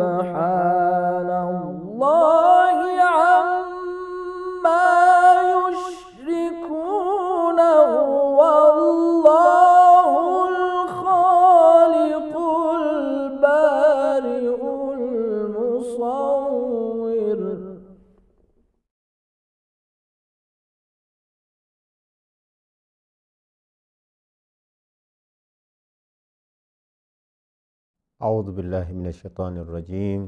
سبحانه أعوذ بالله من الشيطان الرجيم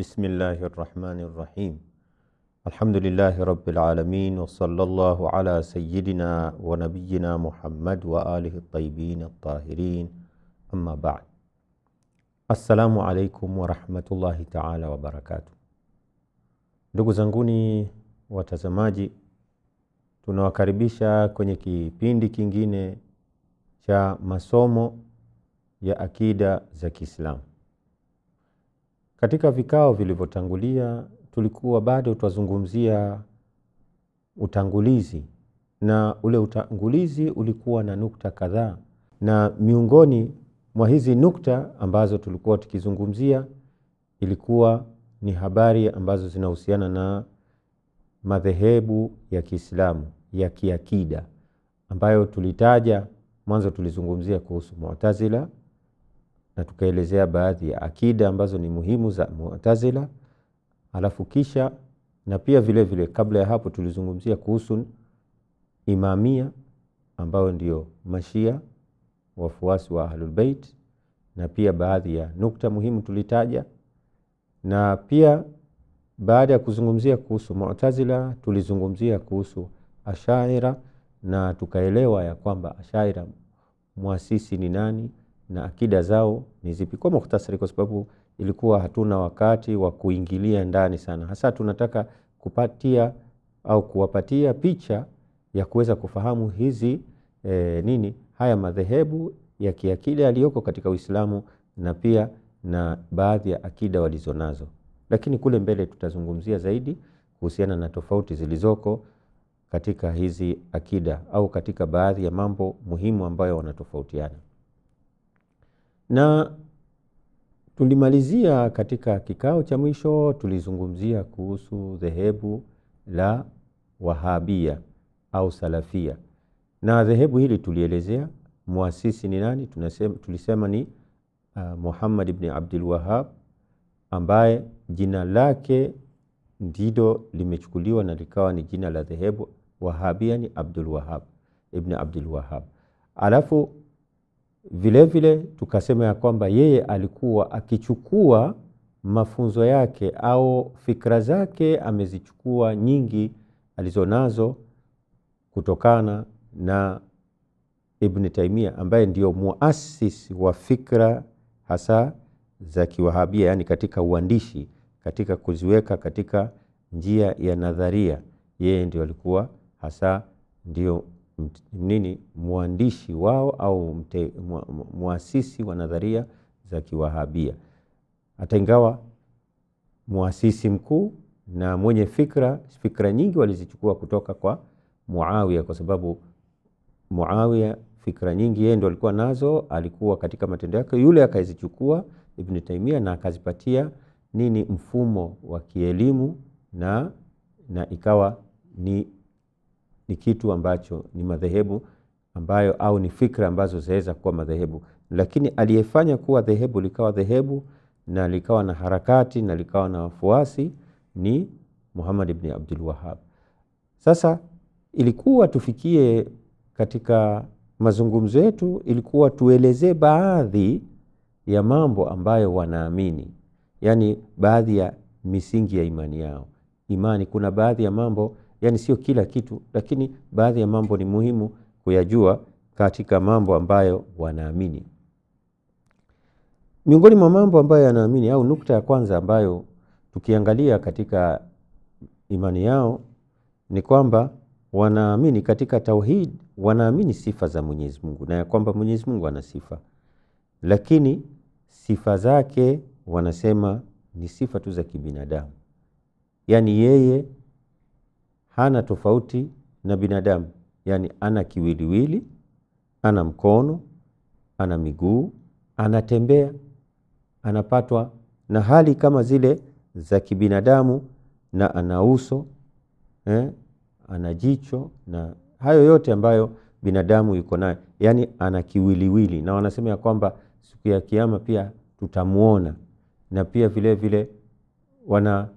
بسم الله الرحمن الرحيم الحمد لله رب العالمين وصلى الله على سيدنا ونبينا محمد وآله الطيبين الطاهرين أما بعد السلام عليكم ورحمة الله تعالى وبركاته ndugu zanguni watazamaji tunawakaribisha kwenye kipindi kingine cha masomo ya akida za Kiislamu. Katika vikao vilivyotangulia, tulikuwa bado twazungumzia utangulizi na ule utangulizi ulikuwa na nukta kadhaa, na miongoni mwa hizi nukta ambazo tulikuwa tukizungumzia ilikuwa ni habari ambazo zinahusiana na madhehebu ya Kiislamu ya kiakida ambayo tulitaja mwanzo. Tulizungumzia kuhusu Mu'tazila, na tukaelezea baadhi ya akida ambazo ni muhimu za Mu'tazila, alafu kisha na pia vile vile kabla ya hapo tulizungumzia kuhusu imamia ambayo ndio mashia wafuasi wa Ahlul Bait, na pia baadhi ya nukta muhimu tulitaja, na pia baada ya kuzungumzia kuhusu Mu'tazila tulizungumzia kuhusu Ashaira na tukaelewa ya kwamba Ashaira mwasisi ni nani na akida zao ni zipi, kwa muhtasari, kwa sababu ilikuwa hatuna wakati wa kuingilia ndani sana, hasa tunataka kupatia au kuwapatia picha ya kuweza kufahamu hizi e, nini haya madhehebu ya kiakida yaliyoko katika Uislamu na pia na baadhi ya akida walizonazo, lakini kule mbele tutazungumzia zaidi kuhusiana na tofauti zilizoko katika hizi akida au katika baadhi ya mambo muhimu ambayo wanatofautiana na tulimalizia katika kikao cha mwisho, tulizungumzia kuhusu dhehebu la Wahabia au Salafia, na dhehebu hili tulielezea muasisi ni nani. Tunasema, tulisema ni uh, Muhammad ibn Abdul Wahhab ambaye jina lake ndilo limechukuliwa na likawa ni jina la dhehebu Wahabia, ni Abdul Wahhab ibn Abdul Wahhab alafu Vilevile tukasema ya kwamba yeye alikuwa akichukua mafunzo yake au fikra zake amezichukua nyingi alizonazo kutokana na Ibn Taymiyyah ambaye ndio muasisi wa fikra hasa za kiwahabia, yani katika uandishi, katika kuziweka katika njia ya nadharia, yeye ndio alikuwa hasa ndio nini mwandishi wao au mwasisi wa nadharia za kiwahabia, hata ingawa mwasisi mkuu na mwenye fikra fikra nyingi walizichukua kutoka kwa muawia kwa sababu muawia fikra nyingi yeye ndo alikuwa nazo, alikuwa katika matendo yake, yule akazichukua ibni taimia na akazipatia nini mfumo wa kielimu na, na ikawa ni ni kitu ambacho ni madhehebu ambayo au ni fikra ambazo zinaweza kuwa madhehebu, lakini aliyefanya kuwa dhehebu likawa dhehebu na likawa na harakati na likawa na wafuasi ni Muhammad ibn Abdul Wahhab. Sasa ilikuwa tufikie katika mazungumzo yetu, ilikuwa tuelezee baadhi ya mambo ambayo wanaamini, yaani baadhi ya misingi ya imani yao. Imani kuna baadhi ya mambo yani sio kila kitu, lakini baadhi ya mambo ni muhimu kuyajua katika mambo ambayo wanaamini. Miongoni mwa mambo ambayo yanaamini au nukta ya kwanza ambayo tukiangalia katika imani yao ni kwamba wanaamini katika tauhid, wanaamini sifa za Mwenyezi Mungu na ya kwamba Mwenyezi Mungu ana sifa, lakini sifa zake wanasema ni sifa tu za kibinadamu, yaani yeye hana tofauti na binadamu, yani ana kiwiliwili, ana mkono, ana miguu, anatembea, anapatwa na hali kama zile za kibinadamu, na ana uso eh, ana jicho na hayo yote ambayo binadamu yuko nayo, yaani ana kiwiliwili, na wanasema ya kwamba siku ya kiama pia tutamuona, na pia vile vile wana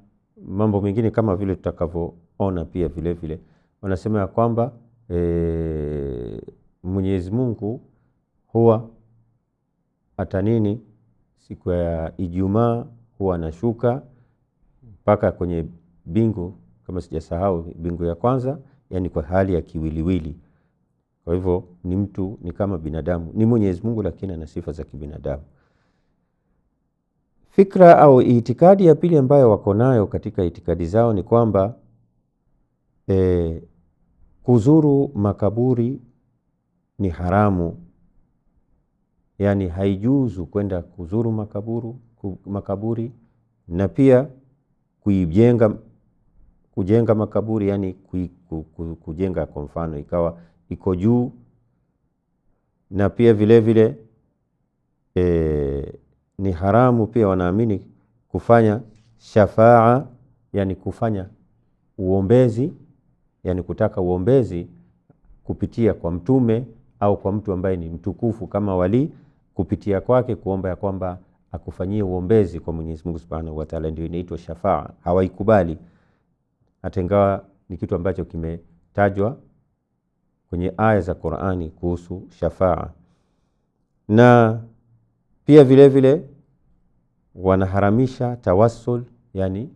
mambo mengine kama vile tutakavyo ona pia vilevile wanasema ya kwamba e, Mwenyezi Mungu huwa atanini siku ya Ijumaa huwa anashuka mpaka kwenye bingu kama sijasahau, bingu ya kwanza, yani kwa hali ya kiwiliwili. Kwa hivyo ni mtu, ni kama binadamu, ni Mwenyezi Mungu lakini ana sifa za kibinadamu. Fikra au itikadi ya pili ambayo wako nayo katika itikadi zao ni kwamba e, kuzuru makaburi ni haramu, yaani haijuzu kwenda kuzuru makaburu, makaburi na pia kuijenga kujenga makaburi yani kujenga kwa mfano ikawa iko juu, na pia vilevile vile, e, ni haramu pia wanaamini kufanya shafaa yani kufanya uombezi yani kutaka uombezi kupitia kwa mtume au kwa mtu ambaye ni mtukufu kama wali, kupitia kwake kuomba ya kwamba akufanyie uombezi kwa Mwenyezi Mungu Subhanahu wa Ta'ala, ndio inaitwa shafaa. Hawaikubali hata ingawa ni kitu ambacho kimetajwa kwenye aya za Qur'ani kuhusu shafaa, na pia vilevile vile, wanaharamisha tawassul yani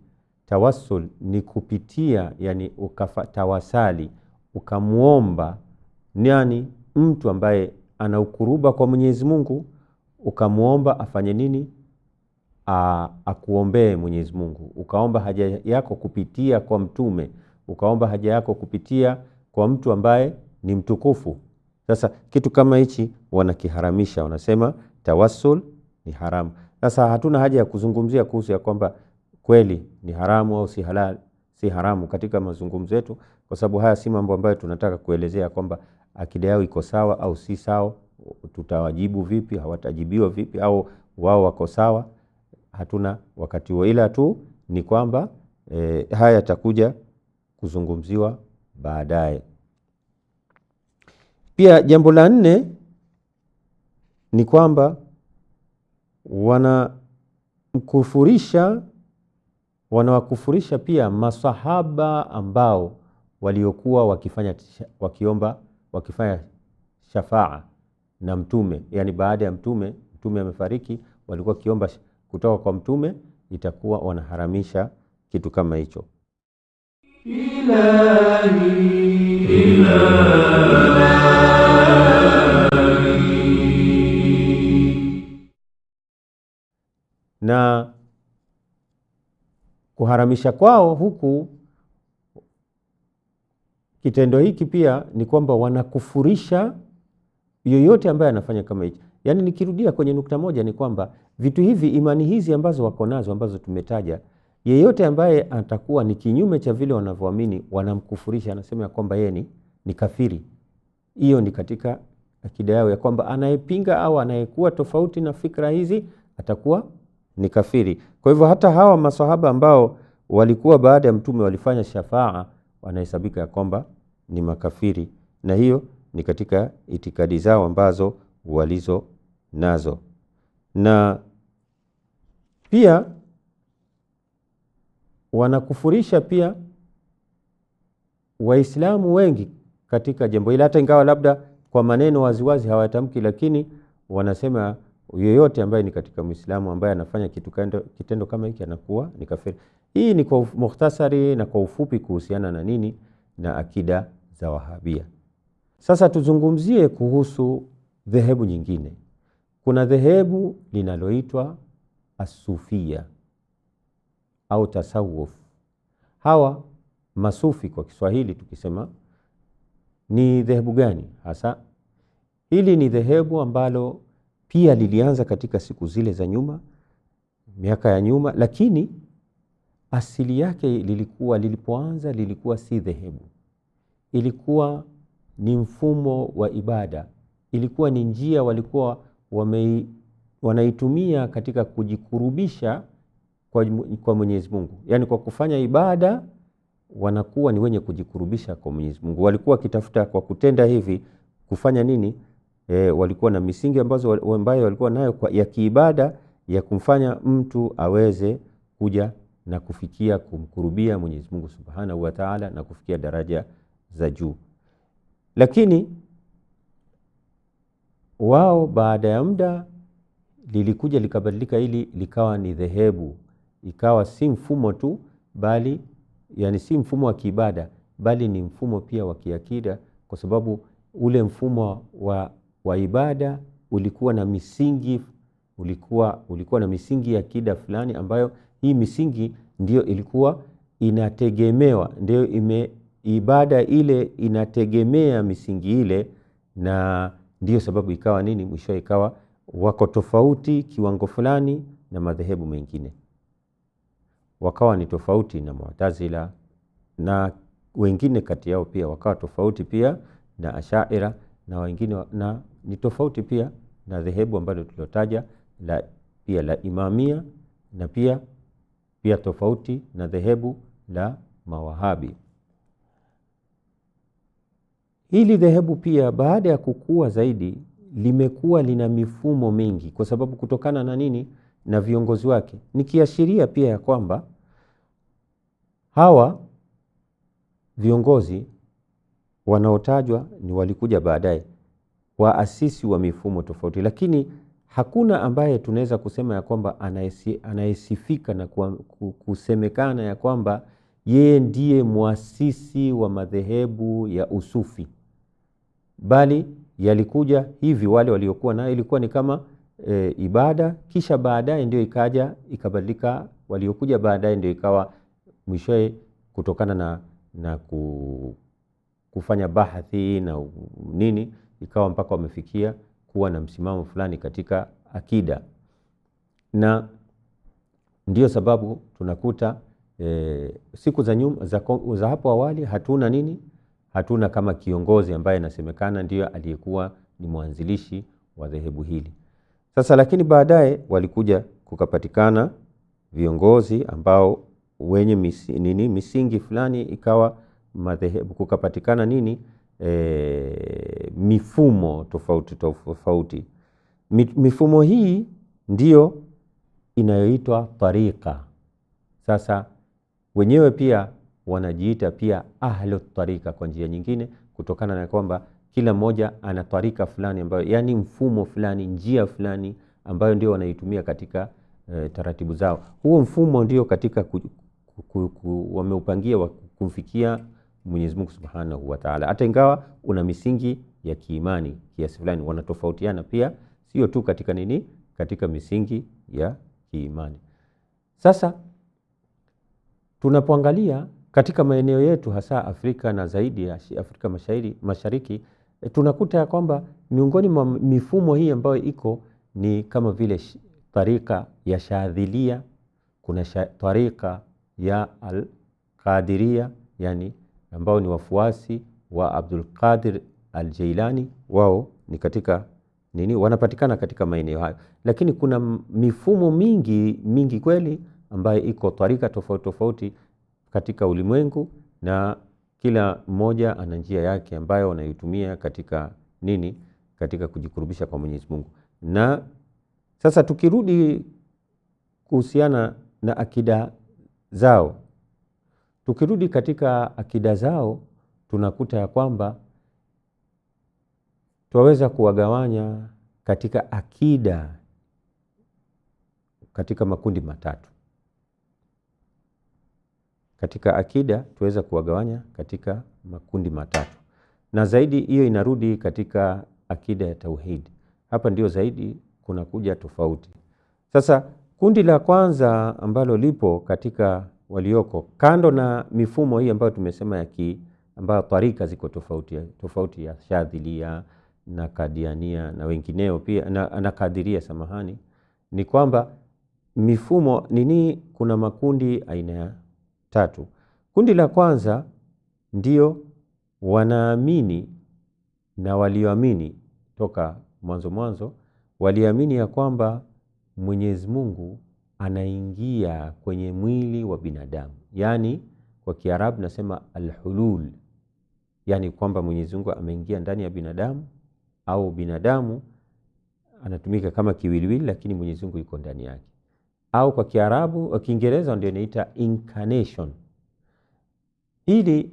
Tawassul ni kupitia, yani ukatawasali ukamwomba nani, mtu ambaye ana ukuruba kwa Mwenyezi Mungu, ukamwomba afanye nini, akuombee Mwenyezi Mungu, ukaomba haja yako kupitia kwa mtume, ukaomba haja yako kupitia kwa mtu ambaye ni mtukufu. Sasa kitu kama hichi wanakiharamisha, wanasema tawassul ni haramu. Sasa hatuna haja ya kuzungumzia kuhusu ya kwamba kweli ni haramu au si halal si haramu katika mazungumzo yetu, kwa sababu haya si mambo ambayo tunataka kuelezea kwamba akida yao iko sawa au si sawa, tutawajibu vipi, hawatajibiwa vipi, au wao wako sawa. Hatuna wakati huo, ila tu ni kwamba e, haya yatakuja kuzungumziwa baadaye. Pia jambo la nne ni kwamba wanamkufurisha wanawakufurisha pia masahaba ambao waliokuwa wakifanya, wakiomba wakifanya shafaa na mtume, yani baada ya mtume, mtume amefariki, walikuwa wakiomba kutoka kwa mtume, itakuwa wanaharamisha kitu kama hicho. Na kuharamisha kwao huku, kitendo hiki pia ni kwamba wanakufurisha yoyote ambaye anafanya kama hichi. Yaani, nikirudia kwenye nukta moja ni kwamba vitu hivi, imani hizi ambazo wako nazo, ambazo tumetaja, yeyote ambaye atakuwa ni kinyume cha vile wanavyoamini, wanamkufurisha, anasema ya kwamba yeye ni, ni kafiri. Hiyo ni katika akida yao ya kwamba anayepinga au anayekuwa tofauti na fikra hizi atakuwa ni kafiri. Kwa hivyo hata hawa maswahaba ambao walikuwa baada ya mtume walifanya shafaa wanahesabika ya kwamba ni makafiri, na hiyo ni katika itikadi zao ambazo walizo nazo. Na pia wanakufurisha pia Waislamu wengi katika jambo hili, hata ingawa labda kwa maneno waziwazi hawatamki, lakini wanasema Yeyote ambaye ni katika Muislamu ambaye anafanya kitu kendo, kitendo kama hiki anakuwa ni kafiri. Hii ni kwa mukhtasari na kwa ufupi kuhusiana na nini na akida za Wahabia. Sasa tuzungumzie kuhusu dhehebu nyingine. Kuna dhehebu linaloitwa asufia au tasawuf. Hawa masufi kwa Kiswahili tukisema ni dhehebu gani hasa? Hili ni dhehebu ambalo pia lilianza katika siku zile za nyuma, miaka ya nyuma, lakini asili yake lilikuwa, lilipoanza lilikuwa si dhehebu, ilikuwa ni mfumo wa ibada, ilikuwa ni njia walikuwa wame, wanaitumia katika kujikurubisha kwa, kwa Mwenyezi Mungu, yaani kwa kufanya ibada wanakuwa ni wenye kujikurubisha kwa Mwenyezi Mungu. Walikuwa wakitafuta kwa kutenda hivi kufanya nini? e, walikuwa na misingi ambazo ambayo walikuwa nayo kwa, ya kiibada ya kumfanya mtu aweze kuja na kufikia kumkurubia Mwenyezi Mungu Subhanahu wa Ta'ala na kufikia daraja za juu. Lakini wao baada ya muda lilikuja likabadilika, ili likawa ni dhehebu, ikawa si mfumo tu bali, yani si mfumo wa kiibada bali ni mfumo pia wa kiakida, kwa sababu ule mfumo wa wa ibada ulikuwa na misingi ulikuwa, ulikuwa na misingi ya kida fulani ambayo hii misingi ndio ilikuwa inategemewa, ndio ime ibada ile inategemea misingi ile, na ndio sababu ikawa nini, mwisho ikawa wako tofauti kiwango fulani na madhehebu mengine, wakawa ni tofauti na Mu'tazila na wengine kati yao pia wakawa tofauti pia na Ashaira na wengine na ni tofauti pia na dhehebu ambalo tulilotaja la, pia la Imamia na pia pia tofauti na dhehebu la Mawahabi. Hili dhehebu pia baada ya kukua zaidi limekuwa lina mifumo mingi, kwa sababu kutokana na nini? Na viongozi wake, nikiashiria pia ya kwamba hawa viongozi wanaotajwa ni walikuja baadaye waasisi wa mifumo tofauti, lakini hakuna ambaye tunaweza kusema ya kwamba anayesifika na kusemekana ya kwamba yeye ndiye mwasisi wa madhehebu ya usufi, bali yalikuja hivi wale waliokuwa nayo, ilikuwa ni kama e, ibada, kisha baadaye ndio ikaja ikabadilika, waliokuja baadaye ndio ikawa mwishoe kutokana na, na ku, kufanya bahathi na nini ikawa mpaka wamefikia kuwa na msimamo fulani katika akida, na ndio sababu tunakuta e, siku za nyuma za, za hapo awali hatuna nini, hatuna kama kiongozi ambaye anasemekana ndiyo aliyekuwa ni mwanzilishi wa dhehebu hili. Sasa lakini baadaye walikuja kukapatikana viongozi ambao wenye misi, nini misingi fulani ikawa madhehebu kukapatikana nini e, mifumo tofauti tofauti. Mifumo hii ndiyo inayoitwa tariqa. Sasa wenyewe pia wanajiita pia ahlu tariqa kwa njia nyingine, kutokana na kwamba kila mmoja ana tarika fulani ambayo, yani mfumo fulani, njia fulani ambayo ndio wanaitumia katika e, taratibu zao. Huo mfumo ndio katika ku, ku, ku, wameupangia wa kumfikia Mwenyezi Mungu Subhanahu wa Ta'ala, hata ingawa una misingi ya kiimani kiasi fulani, wanatofautiana pia, sio tu katika nini, katika misingi ya kiimani. Sasa tunapoangalia katika maeneo yetu hasa Afrika na zaidi ya Afrika Mashariki, Mashariki eh, e, tunakuta ya kwamba miongoni mwa mifumo hii ambayo iko ni kama vile tarika ya Shaadhilia, kuna tarika ya alkadiria yani ambao ni wafuasi wa Abdul Qadir al-Jailani, wao ni katika nini, wanapatikana katika maeneo hayo, lakini kuna mifumo mingi mingi kweli ambayo iko tarika tofauti tofauti katika ulimwengu, na kila mmoja ana njia yake ambayo wanaitumia katika nini, katika kujikurubisha kwa Mwenyezi Mungu. Na sasa tukirudi kuhusiana na akida zao Tukirudi katika akida zao tunakuta ya kwamba twaweza kuwagawanya katika akida katika makundi matatu. Katika akida tuweza kuwagawanya katika makundi matatu, na zaidi hiyo inarudi katika akida ya tauhidi. Hapa ndio zaidi kuna kuja tofauti. Sasa kundi la kwanza ambalo lipo katika walioko kando na mifumo hii ambayo tumesema ya ki, ambayo tarika ziko tofauti tofauti ya Shadhilia na Kadiania na wengineo pia na, na Kadiria samahani, ni kwamba mifumo nini, kuna makundi aina ya tatu. Kundi la kwanza ndio wanaamini na walioamini toka mwanzo mwanzo, waliamini ya kwamba Mwenyezi Mungu anaingia kwenye mwili wa binadamu, yaani kwa Kiarabu nasema alhulul, yaani kwamba Mwenyezi Mungu ameingia ndani ya binadamu au binadamu anatumika kama kiwiliwili, lakini Mwenyezi Mungu yuko ndani yake, au kwa Kiarabu kwa Kiingereza ndio inaita incarnation. Ili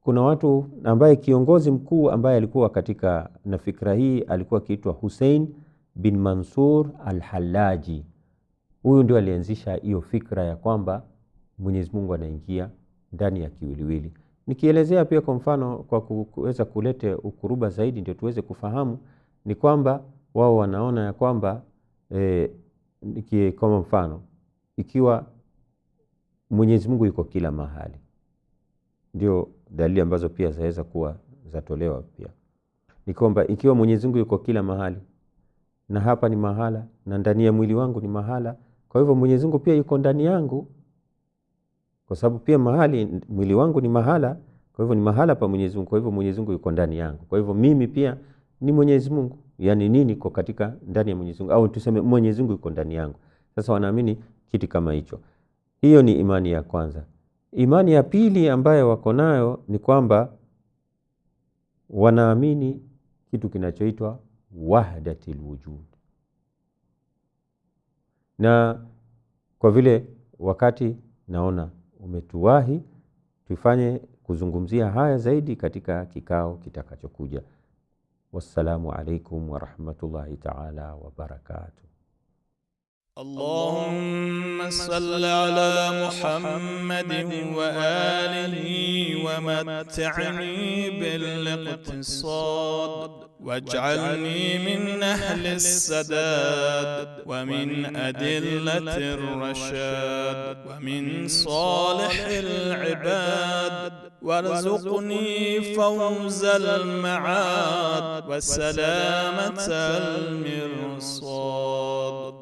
kuna watu ambaye kiongozi mkuu ambaye alikuwa katika na fikra hii alikuwa akiitwa Hussein bin Mansur al-Hallaji Huyu ndio alianzisha hiyo fikra ya kwamba Mwenyezi Mungu anaingia ndani ya kiwiliwili. Nikielezea pia kwa mfano, kwa kuweza kulete ukuruba zaidi, ndio tuweze kufahamu, ni kwamba wao wanaona ya kwamba e, mfano ikiwa Mwenyezi Mungu yuko kila mahali, ndio dalili ambazo pia zaweza kuwa zatolewa pia ni kwamba ikiwa Mwenyezi Mungu yuko kila mahali, na hapa ni mahala, na ndani ya mwili wangu ni mahala, kwa hivyo Mwenyezi Mungu pia yuko ndani yangu, kwa sababu pia mahali mwili wangu ni mahala, kwa hivyo ni mahala pa Mwenyezi Mungu. Kwa hivyo Mwenyezi Mungu yuko ndani yangu, kwa hivyo mimi pia ni Mwenyezi Mungu. Yani nini? Kwa katika ndani ya Mwenyezi Mungu, au tuseme Mwenyezi Mungu yuko ndani yangu. Sasa wanaamini kitu kama hicho. Hiyo ni imani ya kwanza. Imani ya pili ambayo wako nayo ni kwamba wanaamini kitu kinachoitwa wahdatil wujud na kwa vile wakati naona umetuwahi, tufanye kuzungumzia haya zaidi katika kikao kitakachokuja. Wassalamu alaikum warahmatullahi taala wabarakatuh. اللهم صل على محمد وآله ومتعني بالاقتصاد واجعلني من أهل السداد ومن أدلة الرشاد ومن صالح العباد وارزقني فوز المعاد وسلامة المرصاد